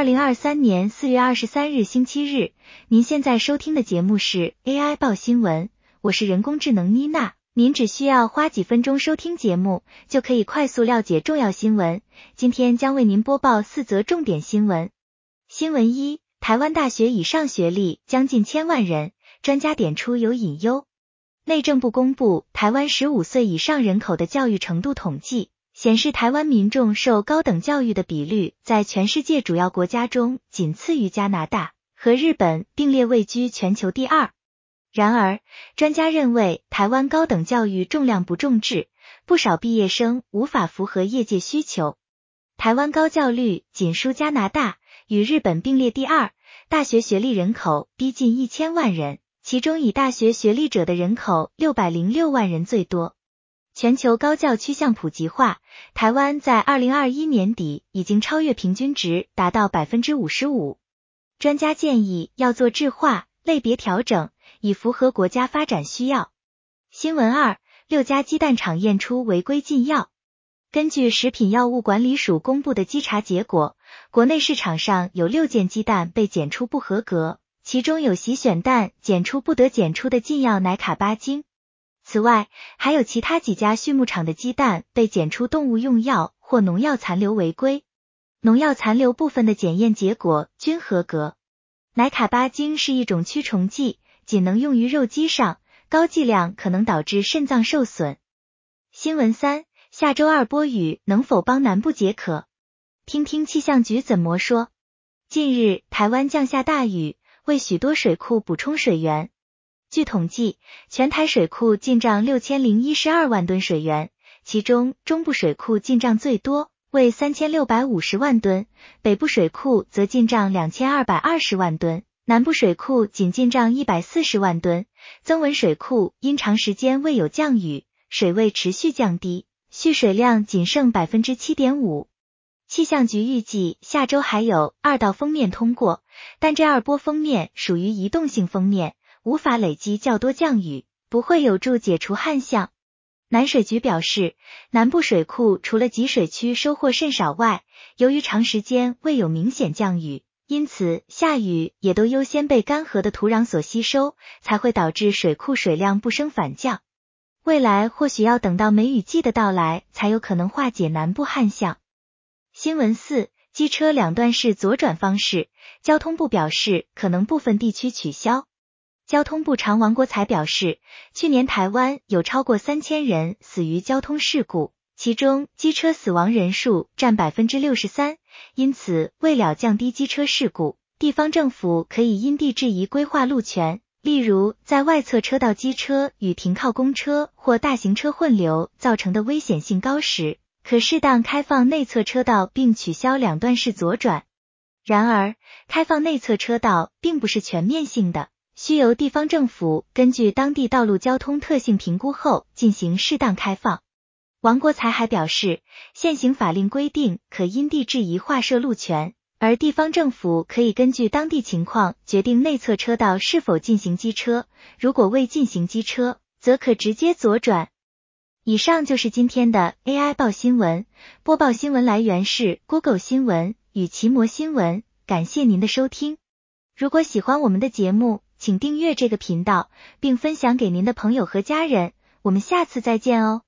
二零二三年四月二十三日，星期日。您現在收聽的節目是 AI 報新聞，我是人工智能妮娜。您只需要花幾分鐘收聽節目，就可以快速了解重要新聞。今天將為您播報四則重點新聞。新聞一：台灣大學以上學歷將近千萬人，專家點出有隱憂。內政部公布台灣十五歲以上人口的教育程度統計。顯示台灣民眾受高等教育的比率，在全世界主要國家中僅次於加拿大和日本，並列位居全球第二。然而，專家認為台灣高等教育重量不重質，不少畢業生無法符合業界需求。台灣高教率僅輸加拿大，與日本並列第二，大學學歷人口逼近一千萬人，其中以大學學歷者的人口六百零六萬人最多。全球高教趨向普及化，台灣在二零二一年底已經超越平均值，達到百分之五十五。專家建議要做質化類別調整，以符合國家發展需要。新聞二：六家雞蛋廠驗出違規禁藥。根據食品藥物管理署公布的稽查結果，國內市場上有六件雞蛋被檢出不合格，其中有洗選蛋檢出不得檢出的禁藥乃卡巴精。此外，還有其他幾家畜牧場的雞蛋被檢出動物用藥或農藥殘留違規，農藥殘留部分的檢驗結果均合格。奈卡巴嗪是一種驅蟲劑，僅能用於肉雞上，高劑量可能導致腎臟受損。新聞三，下周二波雨能否幫南部解渴？聽聽氣象局怎麼說。近日，台灣降下大雨，為許多水庫補充水源。據統計，全台水庫進賬六千零一十二萬噸水源，其中中部水庫進賬最多，為三千六百五十萬噸；北部水庫則進賬兩千二百二十萬噸，南部水庫僅進賬一百四十萬噸。曾文水庫因長時間未有降雨，水位持續降低，蓄水量僅剩百分之七點五。氣象局預計下周還有二道鋒面通過，但這二波鋒面屬於移動性鋒面。無法累積較多降雨，不會有助解除旱象。南水局表示，南部水庫除了集水區收穫甚少外，由於長時間未有明顯降雨，因此下雨也都優先被乾涸的土壤所吸收，才會導致水庫水量不升反降。未來或許要等到梅雨季的到來，才有可能化解南部旱象。新聞四：機車兩段式左轉方式，交通部表示可能部分地區取消。交通部長王國材表示，去年台灣有超過三千人死於交通事故，其中機車死亡人數占百分之六十三。因此，為了降低機車事故，地方政府可以因地制宜規劃路權，例如在外側車道機車與停靠公車或大型車混流造成的危險性高時，可適當開放內側車道，並取消兩段式左轉。然而，開放內側車道並不是全面性的。需由地方政府根據當地道路交通特性評估後進行適當開放。王國才還表示，現行法令規定可因地制宜劃設路權，而地方政府可以根據當地情況決定內側車道是否進行機車。如果未進行機車，則可直接左轉。以上就是今天的 AI 報新聞。播報新聞來源是 Google 新聞與奇摩新聞。感謝您的收聽。如果喜歡我們的節目，請訂閱這個頻道，並分享給您的朋友和家人。我們下次再見哦。